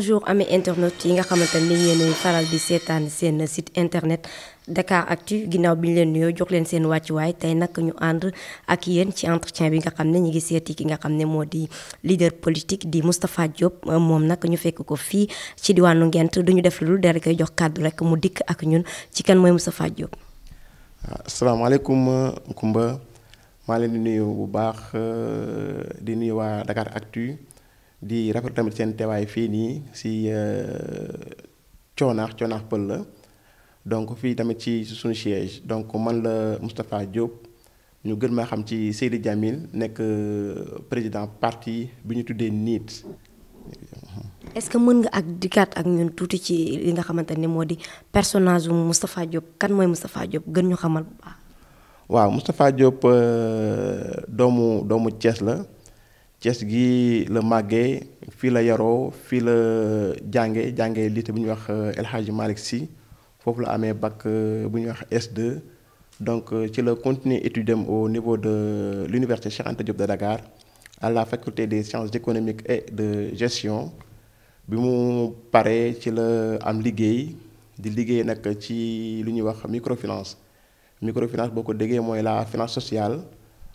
bonjour amee internet yi nga xamante ni yéen faral di seetaan seen site internet Dakar Actu ginnaaw bi ñu leen nuyoo jox leen seen wàccuwaay tey nag ñu ànd ak yéen ci entretien bi nga xam ne ñu ngi seeti ki nga xam ne moo di leader politique di Moustapha Diop moom nag ñu fekk ko fii ci diwaanu Ngent du ñu def lu dul dara koy jox kàddu rek mu dikk ak ñun ci kan mooy Moustapha Diop. Ah, asalaamaaleykum Kumba maa leen di nuyu bu baax di nuyu waa Dakar Actu. di rapporteur tamit seen médecine fii si coonaax coonaax pël la donc fii tamit ci siège donc man Diop ñu xam ci Djamil euh, président parti est-ce que mën nga ak dikkaat ak ñun Diop kan Moustapha Diop Moustapha Thiès gi le màggee fii la yaroo fii la jànge jànge lycée bu ñuy wax euh, El Hadji malik Sy foofu la amee bac euh, bu wax S2 donc euh, ci la continuer étudier au niveau de l'université Cheikh Anta Diop de Dakar à la faculté des sciences économiques et de gestion bi mu paree ci la am liggéey di liggéey nag ci lu wax microfinance microfinance boo ko déggee mooy la finance sociale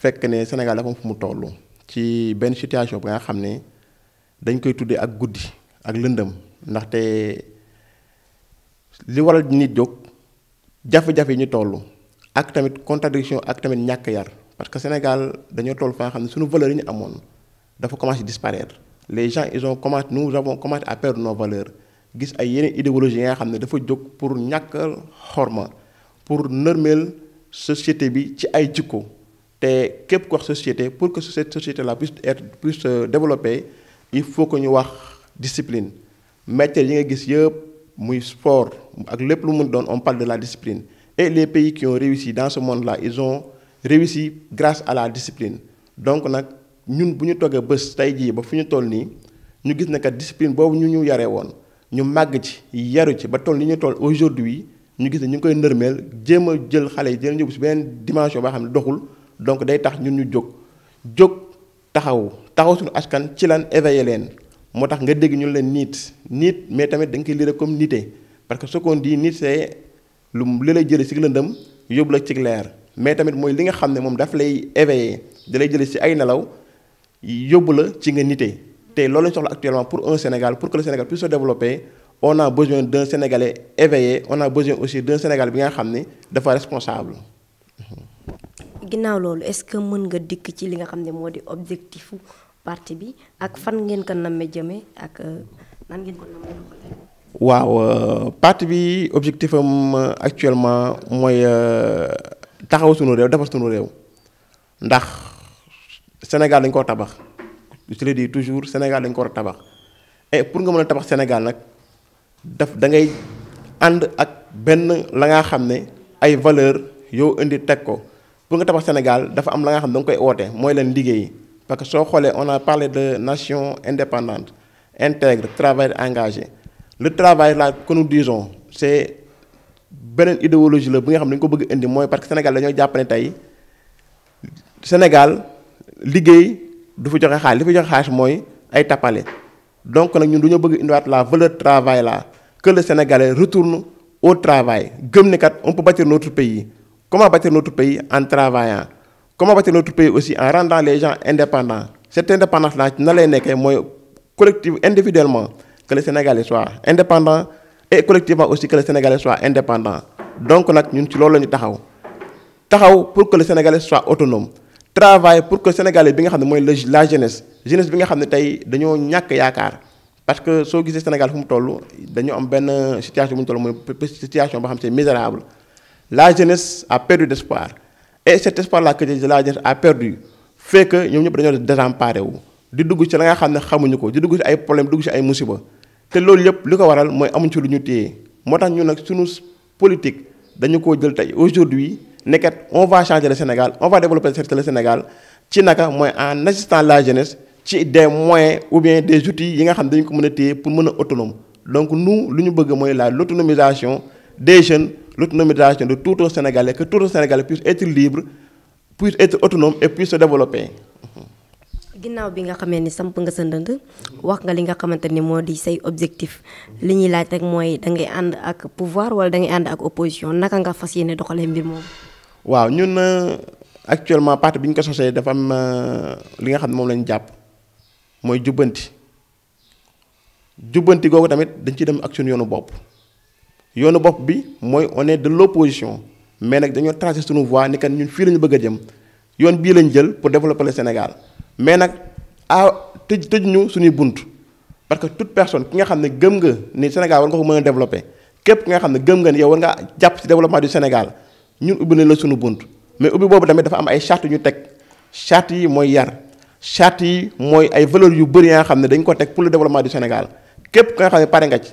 fekk que Sénégal dafa fu mu ci benn situation bi nga xam dañ koy ak Goudi ak lëndëm ndaxte li waral nit jóg jafe-jafe ñu contradiction ak tamit parce que Sénégal dañoo toll fa nga xam ne suñu valeur yi ñu amoon dafa commencé disparaître les gens ils ont commencé nous avons commencé à perdre nos valeurs gis ay yeneen idéologie nga xam dafa pour ñàkk xorma pour nërmeel société et société pour que cette société là puisse être euh, développer il faut que ñu wax discipline métier yi nga gis yépp muy sport ak le lu mu doon on parle de la discipline et les pays qui ont réussi dans ce monde là ils ont réussi grâce à la discipline donc nous ñun bu ñu toggee bëss tay ji ba fu ñu toll que ñu gis discipline Nous ñu ñu yaree won ñu màgg ci yaru ci ba toll ni ñu toll aujourd'hui ñu gis ne ñu koy nërmeel jéem jël xalé jël dimension doxul donc day tax ñun ñu jóg jóg taxaw taxaw suñu askan ci lan nga dégg mais tamit parce que ce qu'on dit nit c'est lu li lay ci mais tamit li nga lay ay ci nga nité loolu actuellement pour un Sénégal pour que le Sénégal puisse se développer on a besoin d'un Sénégalais éveillé on a besoin aussi d'un Sénégal bi nga responsable ginnaaw loolu est-ce que mën nga dikk ci li nga xam ne moo di objectifu parti bi ak fan ngeen ko namme jëme ak euh, nan ngeen waaw euh, parti bi objectif am euh, actuellement mooy taxaw sunu réew defar sunu réew ndax Sénégal dañ ko tabax je toujours Sénégal dañ ko tabax pour nga mën a tabax Sénégal nag daf dangay ànd ak benn la nga xam ne ay valeur yow indi teg ko pour nga tabax Sénégal dafa am la nga xam da koy oote mooy leen liggéey parce que soo xoolee on a parlé de nation indépendante intègre travail engagé le travail là que nous disons c' est beneen idéologie la bi nga xam dañ ko bëgg indi mooy parce que Sénégal dañoo jàpp ne tey Sénégal liggéey du fa joxe xaalis li fa joxe xaalis mooy ay tappale donc nag ñun du ñu bëgg indiwaat la valeur travail là que le Sénégalais retourne au travail gëm ne kat on peut bâtir notre pays. Comment bâtir notre pays en travaillant Comment bâtir notre pays aussi en rendant les gens indépendants Cette indépendance-là, collectif, individuellement, que les Sénégalais soient indépendants et collectivement aussi que les Sénégalais soient indépendants. Donc, nous sommes taxaw pour que le sénégalais soit autonome travail pour que les sénégalais bi nga Nous jeunesse. la jeunesse jeunesse bi nga xam nous parce que si vous Sénégal fu mu toll dañoo am situation situation misérable la jeunesse a perdu d'espoir. Et cet espoir-là que la jeunesse a perdu fait que ñoom ñëpp dañoo désemparé wu di dugg ci la nga xam ne xamuñu ko di dugg ci ay problème dugg ci ay musiba te loolu yëpp li ko waral mooy amuñ ci lu ñu téye moo tax ñu nag sunu politique dañu koo jël tey aujourd'hui nekkat on va changer le Sénégal on va développer le Sénégal ci naka mooy en assistant la jeunesse ci des moyens ou bien des outils yi nga xam dañu ko mën a pour mën a autonome donc nous lu ñu bëgg mooy la l'autonomisation des jeunes l'autonomisation de tout un Sénégalais, que tout un Sénégalais puisse être libre, puisse être autonome et puisse se développer. ginnaw bi nga xamee ni samp nga sa ndënd wax nga li nga xamante ni moo di say objectif li ñuy laaj rek mooy da ngay ànd ak pouvoir wala da ngay ànd ak opposition naka nga fas yéene doxalee mbir waaw ñun euh, actuellement parti bi ñu ko sosee dafa am euh, li nga xam ne moom lañu jàpp mooy jubbanti jubbanti googu tamit dañ ci dem action yoonu bopp yoonu bopp bi mooy on est de l'opposition mais nag dañoo tracé suñu voie ni kan ñun fii lañu bëgg a jëm yoon bii lañ jël pour développer le Sénégal mais nag ah tëj tëj ñu suñuy bunt parce que toute personne ki nga xam ne gëm nga ni Sénégal war nga ko mën a développer képp ki nga xam ne gëm nga ni yow war nga jàpp ci développement du Sénégal ñun ubbi nañ la suñu bunt mais ubbi boobu tamit dafa am ay charte ñu teg charte yi mooy yar charte yi mooy ay valeurs yu bëri nga xam ne dañ ko teg pour le développement du Sénégal képp ki nga xam ne pare nga ci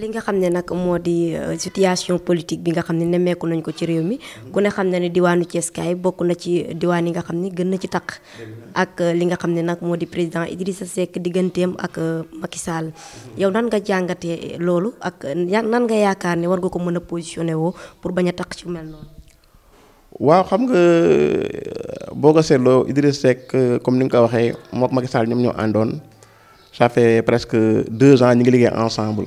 li nga xam ne nag moo di euh, situation politique bi nga xam ne nemmeeku nañ ko ci réew mi ku ne xam ne ne diwaanu Ceeskaay bokk na ci diwaan yi nga xam ni gën na ci taq ak euh, li nga xam ne nag moo di président Idrissa Seck digganteem ak euh, Macky Sall yow nan nga jàngatee loolu ak ya, nan nga yaakaar ne war nga ko mën a positionné woo pour bañ a taq ci mel noonu waaw xam nga boo ko Idrissa Seck comme ni nga ko waxee mook Macky Sall ñoom ñoo àndoon ça fait presque deux ans ñu ngi liggéey ensemble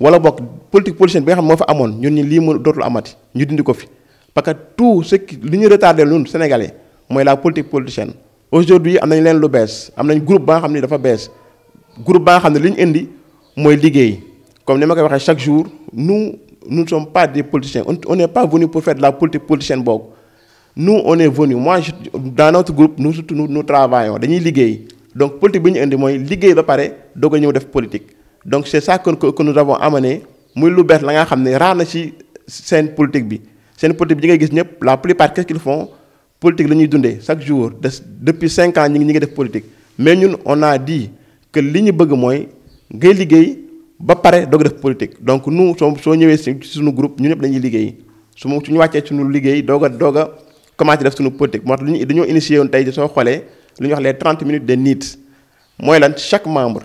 wala bok politique politicienne bi nga xam moo fa amoon ñun ñi lii mu dootul amati ñu dindi ko fi parce que tout ce qui li ñu retardé ñun sénégalais mooy la politique politicienne. aujourd'hui am nañ leen lu bees am nañ groupe ba nga xam ni dafa bees groupe ba nga xam ne li ñu indi mooy liggéey comme ni ma koy waxee chaque jour nous nous ne sommes pas des politiciens on n'est pas venu pour faire de la politique politicienne boobu. nous on est venu moi je dans notre groupe nous surtout nous nous travaillons dañuy liggéey donc politique bi ñu indi mooy liggéey ba pare doog a ñëw def politique donc c'est ça que que nous avons amené muy lu bees la nga xamné ne na ci seen politique bi seen politique bi ñi nga gis ñep la plupart qu'est-ce qu'ils font politique la dundé chaque jour depuis 5 ans ñi ngi ñi ngi def politique mais ñun on a dit que li ñu bëgg moy ngay liggéey ba paré doog def politique donc nous so ñëwé ci suñu groupe ñun ñep dañuy liggéey su mu ñu ñu ci ñu liggéey doga doga doog def suñu politique moo dañu lu ñu dañoo initié woon tey soo wax les 30 minutes de nit moy lan chaque membre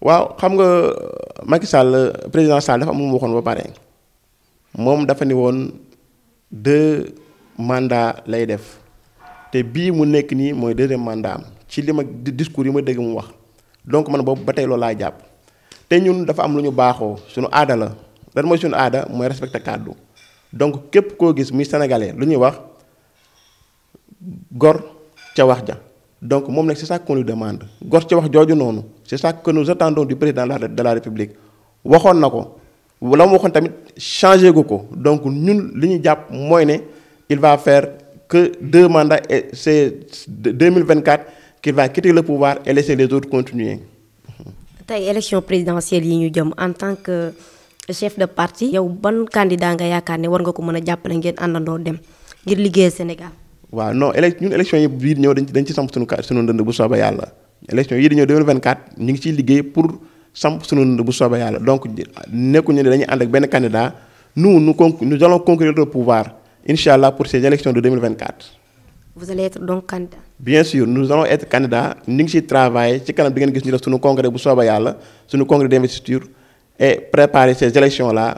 waaw xam nga uh, Macky Sall président Sall dafa am waxoon ba pare moom dafa ni woon deux mandat lay def te bii mu nekk nii mooy deuxième mandat am ci li ma discours yi ma dégg mu wax donc man boobu ba tey loolu laa jàpp te ñun dafa am lu ñu baaxoo suñu aada la lan mooy suñu aada mooy respecté kàddu donc képp koo gis muy sénégalais lu ñuy wax gor ca wax ja donc c'est ça qu'on lui demande c'est ça que nous attendons du président de la république Nous nous, changé donc nous nous, il va faire que deux mandats c'est 2024 qu'il va quitter le pouvoir et laisser les autres continuer. élection présidentielle en tant que chef de parti. yow y candidat nga yaakaar candidat. war a été ngeen nous, dem Sénégal waaw non élec ñun élection yi bii di ñëw dañ ci dañ ci samp suñu ka ndënd bu soobee yàlla élection yi di 2024 ñu ngi ciy liggéey pour samp suñu ndënd bu soobee yàlla donc nekkuñu ne dañuy ànd ak benn candidat nous nous con nous allons conquérir le pouvoir incha allah pour ces élections de 2024. vous allez être donc candidat. bien sûr nous allons être candidat ñu ngi ciy travailler ci kanam di ngeen gis ñu def suñu congrès bu soobee yàlla suñu congrès d'investiture et préparer ces élections là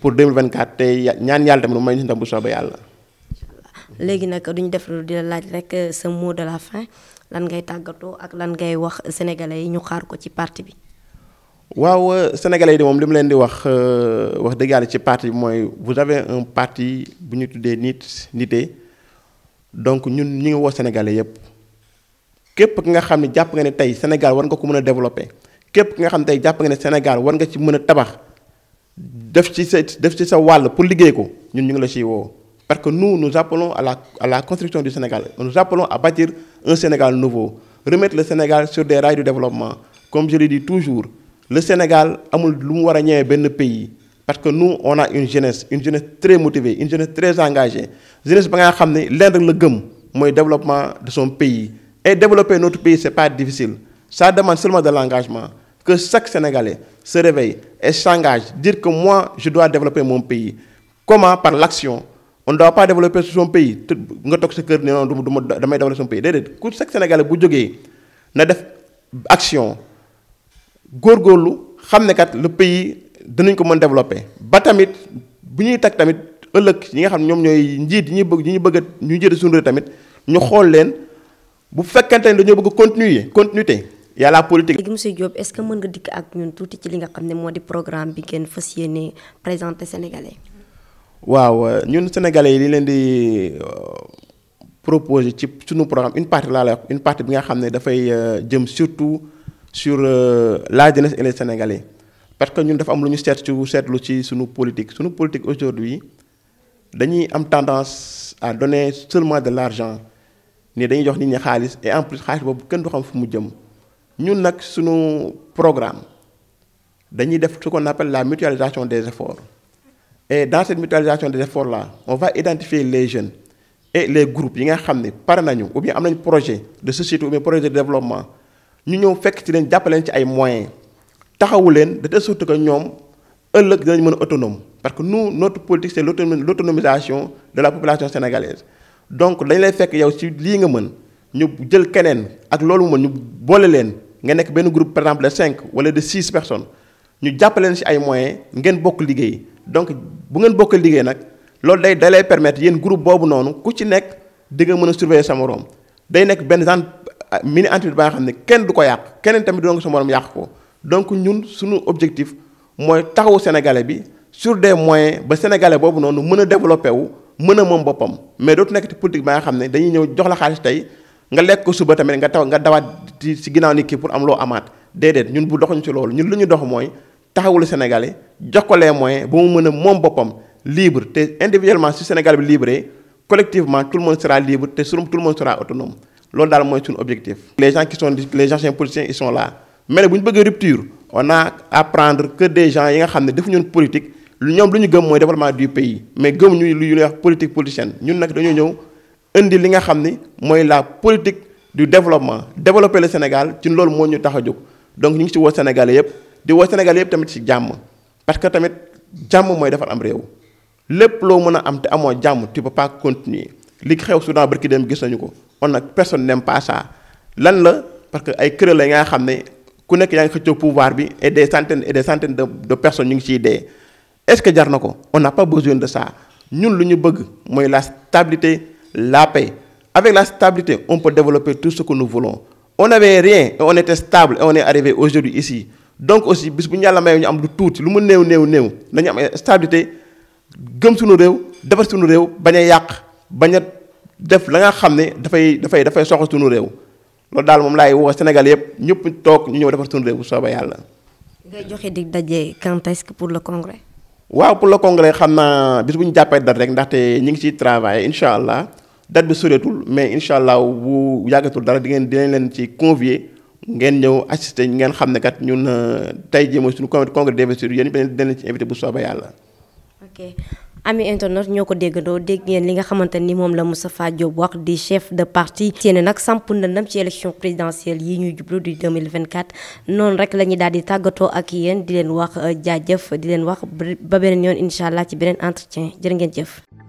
pour 2024 te ñaan yàlla tamit may ñu ndam bu soobee yàlla. léegi nag duñu def lu di la laaj rek euh, sa mot de fin lan ngay tàggatoo ak lan ngay wax sénégalais yi ñu xaar ko ci parti bi. waaw euh, sénégalais yi de moom li mu leen di wax euh, wax dëgg yàlla ci parti bi mooy vous avez un parti bu ñu tuddee nit nité donc ñun ñu ngi woo sénégalais yépp képp ki nga xam ne jàpp nga ne tey Sénégal war nga ko mën a développer képp ki nga xam ne tey jàpp nga ne Sénégal war nga ci mën a tabax def ci sa def ci sa wàll pour liggéey ko ñun ñu ngi la ciy woo. Parce que nous, nous appelons à la, construction du Sénégal. Nous appelons à bâtir un Sénégal nouveau. Remettre le Sénégal sur des rails de développement. Comme je le dis toujours, le Sénégal a un pays. Parce que nous, on a une jeunesse, une jeunesse très motivée, une jeunesse très engagée. Une jeunesse qui sait l'un le gamme le développement de son pays. Et développer notre pays, ce n'est pas difficile. Ça demande seulement de l'engagement. Que chaque Sénégalais se réveille et s'engage. Dire que moi, je dois développer mon pays. Comment Par l'action on ne doit pas développer son pays nga tok sa kër ne non du damay développer son pays Dedet ku chaque Sénégalais bu jógee na def action góorgóorlu xam kat le pays dañu ko mën développer. ba tamit bu ñuy tak tamit ëlëk yi nga xam ñom ñoy njiit ñi bëgg ñi bëgg ñu njiit suñu réew tamit ñu xol leen bu fekkante dañu bëgg continuer continuité y a la politique. léegi monsieur Diop est-ce que mën nga dik ak ñun tuuti ci li nga xamné modi programme bi ngeen fas yéene présenté Sénégalais nous, euh, ñun sénégalais yi li leen di euh, proposer ci suñu programme une partie là, une partie bi nga xam ne euh, jëm surtout sur la jeunesse et les sénégalais parce que ñun dafa am lu ñu seetlu sur ci suñu politique suñu politique aujourd'hui dañuy am tendance à donner seulement de l'argent ni dañuy jox nit ñi et en plus xaalis boobu kenn du xam fu mu jëm ñun nag suñu programme dañuy def ce qu'on appelle la mutualisation des efforts et dans cette mutualisation des efforts-là, on va identifier les jeunes et les groupes qui sont par ou bien ont un projet de société ou bien un projet de développement. Nous avons fait que nous avons des moyens. Nous de telle sorte que nous sommes autonomes. Parce que nous, notre politique, c'est l'autonomisation de la population sénégalaise. Donc, nous avons fait que nous avons nous avons quelqu'un avec l'autre, nous avons un groupe, par exemple, de 5 ou de 6 personnes. Nous avons des moyens, nous avons beaucoup donc bu ngeen bokk liggéey nag loolu day da permettre yéen groupe boobu noonu ku ci nekk di nga mën a surveiller sa morom day nekk benn genre ah, mini entreprise ba nga xam ne kenn du ko yàq keneen tamit doo nga sa morom yàq ko donc ñun suñu objectif mooy taxawu sénégalais bi sur des moyens ba sénégalais boobu noonu mën a développé wu mën a moom boppam mais dootu nekk ci politique ba nga xam ne dañuy ñëw jox la xaalis tey nga lekk ko suba tamit nga taw nga dawaat ci ginnaaw nit ki pour am loo amaat déedéet ñun bu doxuñ ci loolu ñun lu ñu dox mooy taxawul Sénégalais jox ko les moyens ba mu mën a moom libre te individuellement su Sénégal est libre collectivement tout le monde sera libre te tout le monde sera autonome loolu daal mooy suñu objectif. les gens qui sont les anciens politiciens ils sont là mais nag bu ñu bëggee rupture on a à prendre que des gens yi nga xam ne defuñu politique ñoom lu ñu gëm développement du pays mais ñu lu ñuy wax politique politicienne ñun nag dañoo ñëw indi li nga la politique du développement développer le Sénégal ci loolu moo ñu tax a jóg donc ñu ngi ci Sénégalais di woo Sénégal yépp tamit ci jàmm parce que tamit jàmm mooy defar am réew lépp loo mën a am te amoo jàmm tu peux pas continuer li xew Soudan barki dem gis nañu ko on nag personne n'aime pas ça lan la parce que ay kuréel la nga xam ne ku nekk yaa ngi pouvoir bi et des centaines et des centaines de personnes ñu ngi est-ce que jar na ko on n'a pas besoin de ça ñun lu ñu bëgg mooy la stabilité la paix avec la stabilité on peut développer tout ce que nous voulons on n'avait rien et on était stable et on est arrivé aujourd'hui ici donc aussi bis bu ñu ñu am lu tuuti lu mu am stabilité gëm suñu réew defar suñu réew a baña def la nga la ne dafay la suñu réew lo dal mom lay la Sénégal yépp ñëpp tok ñu ñëw defar suñu réew soba yalla ngay joxé quand pour le congrès. waaw pour le congrès xamna ñu date rek la ñu ngi ci travail inshallah date bi mais inshallah wu dara di ci convier. ngeen ñëw assister ngeen xam ne kat ñun euh, tey jii mooy suñu congrès d'investiture yéen it dañ leen ci invité bu soobee yàlla. ok ami internet ñoo ko déggandoo dégg ngeen li nga xamante ni moom la Moustapha Diop wax di chef de parti. seen nag samp ndëndam ci élection présidentielle yi ñuy jublu di 2024 noonu rek la ñuy daal di tàggatoo ak yéen di leen wax euh, jaajëf di leen wax ba beneen yoon incha allah ci beneen entretien jër ngeen jëf.